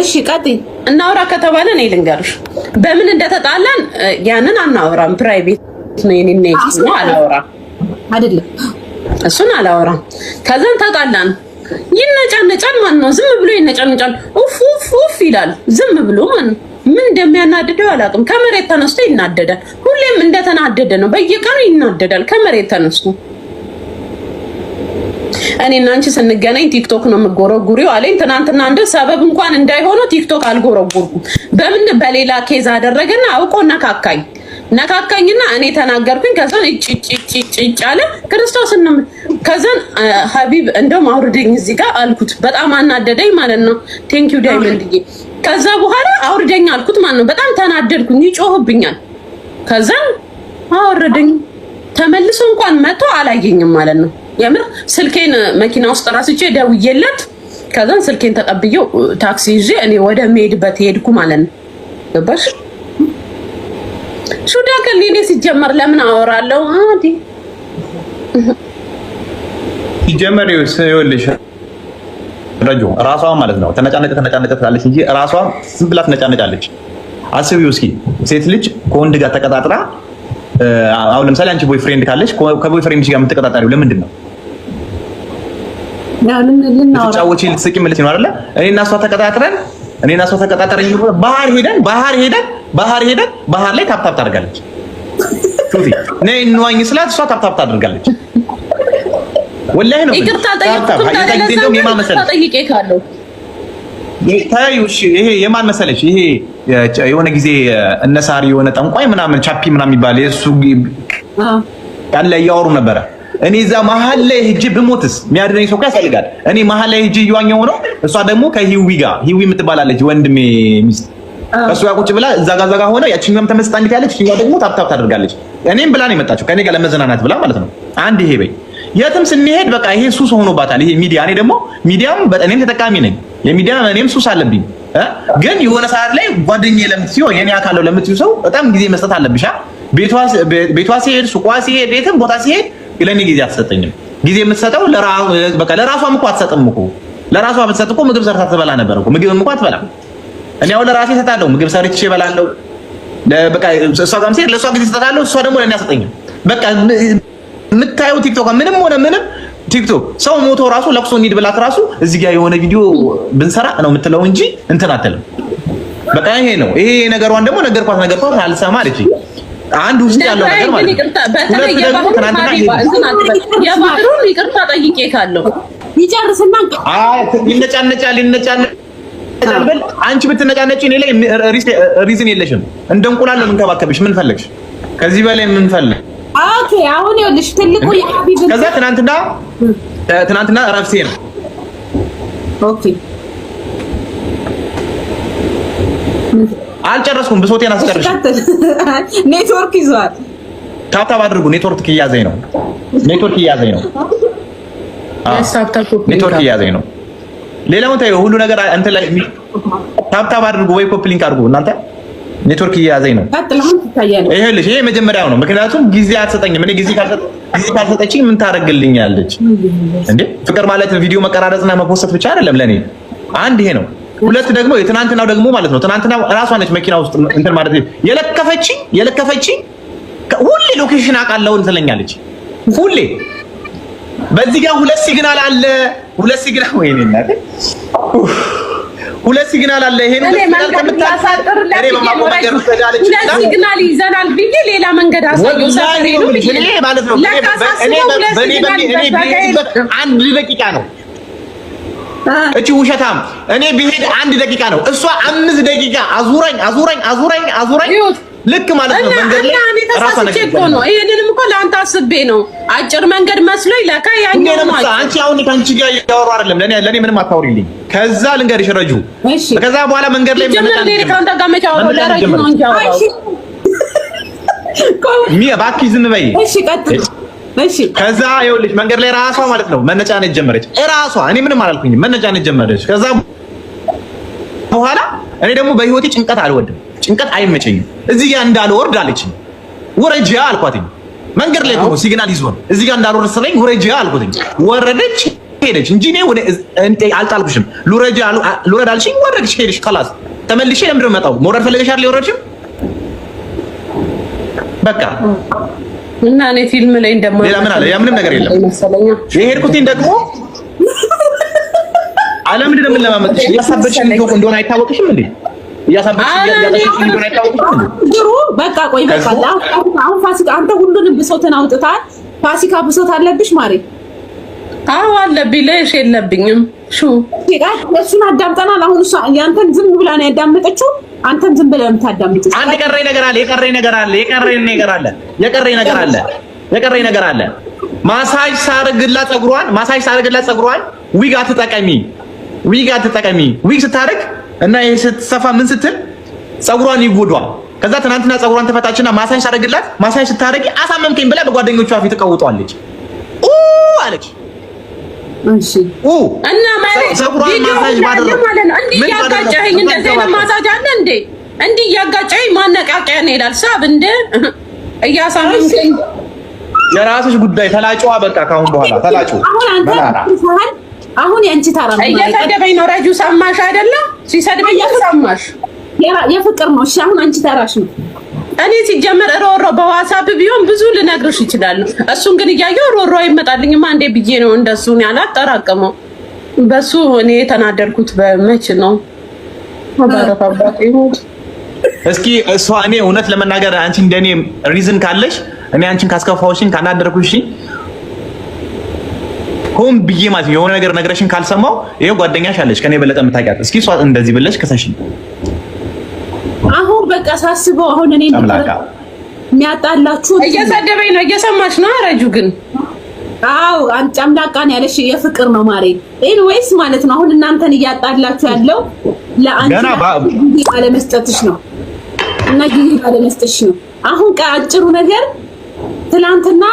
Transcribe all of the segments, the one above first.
እሺ ቀጥይ። እናውራ ከተባለ እኔ ልንገርሽ በምን እንደተጣላን ያንን አናወራም። ፕራይቬት ነው የኔ ነው አላወራም። አይደለም እሱን አላወራም። ከዛን ተጣላን። ይነጫነጫል ማን ነው። ዝም ብሎ ይነጫነጫል። ኡፍ ኡፍ ኡፍ ይላል ዝም ብሎ ማን ምን እንደሚያናድደው አላውቅም። ከመሬት ተነስቶ ይናደዳል። ሁሌም እንደተናደደ ነው። በየቀኑ ይናደዳል ከመሬት ተነስቶ እኔ እና አንቺ ስንገናኝ ቲክቶክ ነው የምጎረጉሪው አለኝ። ትናንትና እንደ ሰበብ እንኳን እንዳይሆነ ቲክቶክ አልጎረጉርኩም። በምን በሌላ ኬዝ አደረገና አውቆ ነካካኝ ነካካኝና እኔ ተናገርኩኝ። ከዛን እጭጭጭጭ አለ ክርስቶስንም። ከዛን ሀቢብ እንደውም አውርደኝ እዚህ ጋር አልኩት። በጣም አናደደኝ ማለት ነው። ቴንኪዩ ዳይመንድዬ። ከዛ በኋላ አውርደኝ አልኩት ማለት ነው። በጣም ተናደድኩኝ። ይጮህብኛል። ከዛን አወረደኝ። ተመልሶ እንኳን መጥቶ አላየኝም ማለት ነው። የምር ስልኬን መኪና ውስጥ ራስቼ ደውዬለት ከዛን ስልኬን ተቀብዬው ታክሲ ይዤ እኔ ወደ መሄድበት ሄድኩ ማለት ነው። ገባሽ? ሹዳ ከሌሌ ሲጀመር ለምን አወራለሁ? አዲ ሲጀመር ይኸውልሽ ረጁ ራሷ ማለት ነው ተነጫነጨ ተነጫነጨ ትላለች እንጂ ራሷ ዝም ብላ ትነጫነጫለች። አስቢው እስኪ ሴት ልጅ ከወንድ ጋር ተቀጣጥራ አሁን ለምሳሌ አንቺ ቦይፍሬንድ ካለች ከቦይፍሬንድ ጋር የምትቀጣጠሪው ለምንድን ነው? ልትጫወቺ ልትስቂ ምልት ነው እኔ እና እሷ ተቀጣጥረን እኔ እና እሷ ተቀጣጥረን ባህር ሄደን ባህር ሄደን ባህር ሄደን ባህር ላይ ታፕታፕ ታደርጋለች። እንዋኝ ስላት እሷ ታፕታፕ ታደርጋለች። ወላሂ ነው ይቅርታ ይሄ የማን ይሄ የሆነ ጊዜ እነሳሪ የሆነ ጠንቋይ ምናምን ቻፒ ምናምን የሚባል ቀን ላይ እያወሩ ነበረ እኔ እዛ መሀል ላይ ሂጂ ብሞትስ የሚያድነኝ ሰው ያስፈልጋል። እኔ መሀል ላይ ሂጂ እየዋኘሁ ነው። እሷ ደግሞ ከሂዊ ጋር ሂዊ የምትባላለች ወንድሜ ሚስት ከእሱ ጋር ቁጭ ብላ እዛ ጋር እዛ ሆነ። ያቺኛዋም ተመስጣ እንዴት ያለች፣ እቺኛዋ ደግሞ ታፕታፕ ታደርጋለች። እኔም ብላ ነው የመጣችው ከኔ ጋር ለመዘናናት ብላ ማለት ነው። አንድ ይሄ በይ የትም ስንሄድ በቃ ይሄ ሱስ ሆኖባታል። ይሄ ሚዲያ እኔ ደግሞ ሚዲያም በጠኔም ተጠቃሚ ነኝ። የሚዲያ እኔም ሱስ አለብኝ። ግን የሆነ ሰዓት ላይ ጓደኛዬ ለምትዩ የኔ አካለው ለምትዩ ሰው በጣም ጊዜ መስጠት አለብሻ። ቤቷ ሲሄድ፣ ሱቋ ሲሄድ፣ ቤትም ቦታ ሲሄድ ለእኔ ጊዜ አትሰጠኝም። ጊዜ የምትሰጠው በቃ ለራሷም እኮ አትሰጥም እኮ ለራሷ ብትሰጥ እኮ ምግብ ሰርታ ትበላ ነበር እኮ። ምግብም እኮ አትበላም። እኔ አሁን ለራሴ እሰጣለሁ፣ ምግብ ሰርቼ እበላለሁ። በቃ እሷ ጋርም ሲሄድ ለእሷ ጊዜ እሰጣለሁ፣ እሷ ደግሞ ለእኔ አትሰጠኝም። በቃ የምታየው ቲክቶክ ምንም ሆነ ምንም ቲክቶክ ሰው ሞቶ ራሱ ለቅሶ እንሂድ ብላት ራሱ እዚህ ጋር የሆነ ቪዲዮ ብንሰራ ነው የምትለው እንጂ እንትን አትልም። በቃ ይሄ ነው። ይሄ ነገሯን ደግሞ ነገርኳት፣ ነገርኳት አልሰማ አለችኝ። አንድ ውስጥ ያለው ነገር ማለት ነው። በተለይ የባህሩን ይቅርታ ጠይቄ ካለው ይጨርስና ይነጫነጫል ይነጫነጫል አንቺ ብትነጫነጭ እኔ ላይ ሪዝን የለሽም። እንደ እንቁላል ነው የምንከባከብሽ። ምን ፈለግሽ ከዚህ በላይ ምን ፈለግ? ኦኬ አሁን ይኸውልሽ ትልቁ የሀቢብ ከዛ ትናንትና ትናንትና እረፍሴ ነው። ኦኬ አልጨረስኩም። ብሶቴን አስጨርሽ። ኔትወርክ ይዟል። ታብታብ አድርጉ። ኔትወርክ እያዘኝ ነው። ኔትወርክ እያዘኝ ነው። ኔትወርክ እያዘኝ ነው። ሌላውን ታዩ። ሁሉ ነገር እንትን ላይ ታብታብ አድርጉ ወይ ኮፒ ሊንክ አድርጉ እናንተ። ኔትወርክ እያዘኝ ነው። ይኸውልሽ ይሄ መጀመሪያው ነው። ምክንያቱም ጊዜ አትሰጠኝም። እኔ ጊዜ ካልሰጠችኝ ምን ታደርግልኛለች እንዴ? ፍቅር ማለት ቪዲዮ መቀራረጽና መፖሰት ብቻ አይደለም ለኔ። አንድ ይሄ ነው ሁለት ደግሞ የትናንትናው ደግሞ ማለት ነው። ትናንትናው እራሷ ነች መኪና ውስጥ እንትን ማለት ነው የለከፈች የለከፈች ሁሌ ሎኬሽን አውቃለሁ እንትለኛለች ሁሌ። በዚህ ጋር ሁለት ሲግናል አለ፣ ሁለት ሲግናል ወይ ነው እናት ሁለት ሲግናል አለ። ይሄን ሲግናል ከምታሳጥር ሁለት ሲግናል ይዘናል ብዬ ሌላ መንገድ አሳየው ማለት ነው። እኔ በእኔ በእኔ አንድ ደቂቃ ነው እቺ ውሸታም እኔ ብሄድ አንድ ደቂቃ ነው፣ እሷ አምስት ደቂቃ አዙረኝ አዙረኝ አዙረኝ አዙረኝ። ልክ ማለት ነው መንገድ ላይ ተሳስቼ እኮ ነው። ይሄንንም እኮ ለአንተ አስቤ ነው፣ አጭር መንገድ መስሎኝ ለካ ያኛው ነው። አንቺ አሁን ከአንቺ ጋር እያወራሁ አይደለም፣ ለኔ ለኔ ምንም አታውሪልኝ። ከዛ ልንገርሽ ረጁ፣ ከዛ በኋላ መንገድ ላይ ምንም ምን ታንተ ጋር መቻወሩ ነው ሚያ እባክሽ ዝም በይ። እሺ ቀጥል እሺ ከዛ ይኸውልሽ መንገድ ላይ ራሷ ማለት ነው መነጫነች ጀመረች። ራሷ እኔ ምንም አላልኩኝም፣ መነጫነች ጀመረች። ከዛ በኋላ እኔ ደግሞ በህይወቴ ጭንቀት አልወድም፣ ጭንቀት አይመቸኝም። እዚህ ጋር እንዳልወርድ አለችኝ። ወረጃ አልኳትኝ። መንገድ ላይ ቆሞ ሲግናል ይዞ ነው እዚህ ጋር እንዳልወርድ ስለኝ ወረጃ አልኩትኝ። ወረደች ሄደች እንጂ እኔ ወደ እንጤ አልጣልኩሽም። ሉረጃ ሉረድ አልሽኝ፣ ወረድሽ ሄደሽ ከላስ ተመልሼ ለምንድን ነው የምመጣው? መውረድ ፈልገሽ አይደል የወረድሽም በቃ እና እኔ ፊልም ላይ እንደማ ሌላ ምን አለ? ያ ምንም ነገር የለም። ደግሞ አለም እንደሆነ አይታወቅሽም እንዴ? እንደሆነ አይታወቅሽም። ድሮ በቃ ቆይ፣ በቃ አሁን ፋሲካ አንተ ሁሉንም ብሶትን አውጥታል። ፋሲካ ብሶት አለብሽ ማሬ አዎ አለብኝ ለሽ የለብኝም። ሹ እሱን አዳምጠናል። አሁን ያንተን ዝም ብላ ነው ያዳመጠችው። አንተን ዝም ብለህ የምታዳምጠው አንድ የቀረኝ ነገር አለ። የቀረኝ ነገር አለ። የቀረኝ ነገር አለ። የቀረኝ ነገር አለ። የቀረኝ ነገር አለ። ማሳጅ ሳርግላ ፀጉሯን ማሳጅ ሳርግላ ዊግ አትጠቀሚ፣ ዊግ አትጠቀሚ። ዊግ ስታርግ እና ይሄ ስትሰፋ ምን ስትል ፀጉሯን ይጎዷል። ከዛ ትናንትና ፀጉሯን ተፈታችና ማሳጅ ሳርግላት ማሳጅ ስታረጊ አሳመምከኝ ብላ በጓደኞቿ ፊት ተቀውጧለች አለች። እና እንዲህ እያጋጨኸኝ እንደዚህ ዓይነት ማሳጅ አለ እንዴ? እንዲህ እያጋጨኸኝ ማነቃቂያ እንሄዳል ሳብ እንደ እያሳመንከኝ የራስሽ ጉዳይ ተላጭዋ። በቃ ካሁን በኋላ ተላጭ። አሁን የአንቺ ታራ ነው። እየሰደበኝ ነው ረጁ። ሰማሽ አይደለ? ሲሰድበኝ ሰማሽ። የፍቅር ነው። እሺ አሁን አንቺ ታራሽ ነው። እኔ ሲጀመር ሮሮ በዋሳብ ቢሆን ብዙ ልነግርሽ ይችላሉ። እሱን ግን እያየው ሮሮ አይመጣልኝማ እንዴ ብዬ ነው እንደሱ ያላጠራቀመው። በሱ እኔ የተናደርኩት በመች ነው እስኪ እሷ እኔ እውነት ለመናገር አንቺ እንደኔ ሪዝን ካለሽ እኔ አንቺን ካስከፋውሽን ካናደርኩሽ ሆን ብዬ ማለት የሆነ ነገር ነግረሽን ካልሰማው ይሄ ጓደኛሽ አለች ከኔ በለጠ የምታውቂያት። እስኪ እሷ እንደዚህ ብለሽ ከሰሽኝ በቃ ሳስበው አሁን እኔ የሚያጣላችሁ እየሰደበኝ ነው። እየሰማች ነው አረጁ ግን አው ጨምላቃን ያለሽ የፍቅር ነው ማሬ። ኤኒዌይስ ማለት ነው አሁን እናንተን እያጣላችሁ ያለው ለአንቺ አለመስጠትሽ ነው እና ጊዜ አለመስጠትሽ ነው። አሁን አጭሩ ነገር ትናንትና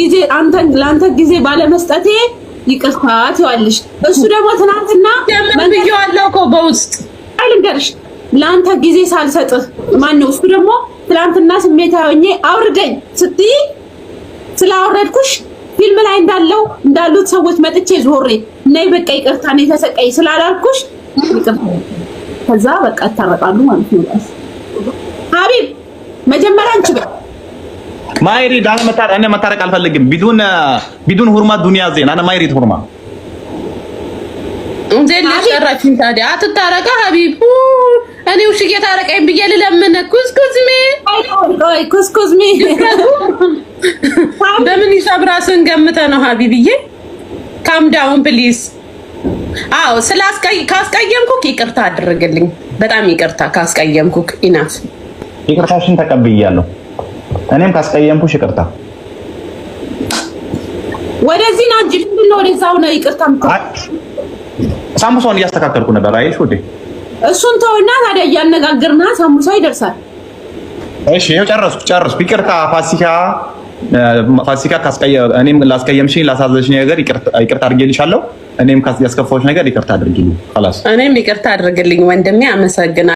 ጊዜ አንተን ለአንተ ጊዜ ባለመስጠቴ ይቅርታ ትዋለሽ። እሱ ደግሞ ትናንትና ምን ብየዋለሁ እኮ በውስጥ አልንገርሽ ለአንተ ጊዜ ሳልሰጥህ ማነው? እሱ ደግሞ ትላንትና ስሜታዊ ሆኜ አውርደኝ ስትይ ስላወረድኩሽ ፊልም ላይ እንዳለው እንዳሉት ሰዎች መጥቼ ዞሬ ነይ በቃ ይቅርታ ነው ተሰቀይ ስላላልኩሽ ከዛ በቃ ይታረቃሉ ማለት ነው። ሀቢብ መጀመሪያ አንቺ በቃ ማይሪድ አነ መታረ አነ መታረቅ አልፈልግም። ቢዱን ቢዱን ሁርማ ዱንያ ዜና አነ ማይሪ ሁርማ እንዴ ለሽራችን ታዲያ አትታረቃ ሀቢብ እኔ ውሽዬ ታረቀኝ ብዬ ልለምን ኩስኩዝሜ ኩስኩዝሜ በምን ሂሳብ ራስን ገምተ ነው ሀቢብዬ? ካም ዳውን ፕሊዝ። አዎ ስላስቀይ ካስቀየምኩክ ይቅርታ አድርግልኝ። በጣም ይቅርታ ካስቀየምኩክ። ኢናት ይቅርታሽን ተቀብያለሁ። እኔም ካስቀየምኩሽ ይቅርታ። ወደዚህ ና እንጂ ነው ወደዛው ነው ይቅርታ። ሳምሶን እያስተካከልኩ ነበር። አየሽ ወዴ እሱን ተውና ታዲያ እያነጋገርና ሳሙሳ ይደርሳል። እሺ ይኸው ጨረስኩ ጨረስኩ። ይቅርታ ፋሲካ ፋሲካ ካስቀየ እኔም ላስቀየምሽኝ ላሳዘሽኝ ነገር ይቅርታ አድርጌልሻለሁ። እኔም ያስከፋዎች ነገር ይቅርታ አድርጊልኝ። እኔም ይቅርታ አድርግልኝ ወንድሜ፣ አመሰግናለሁ።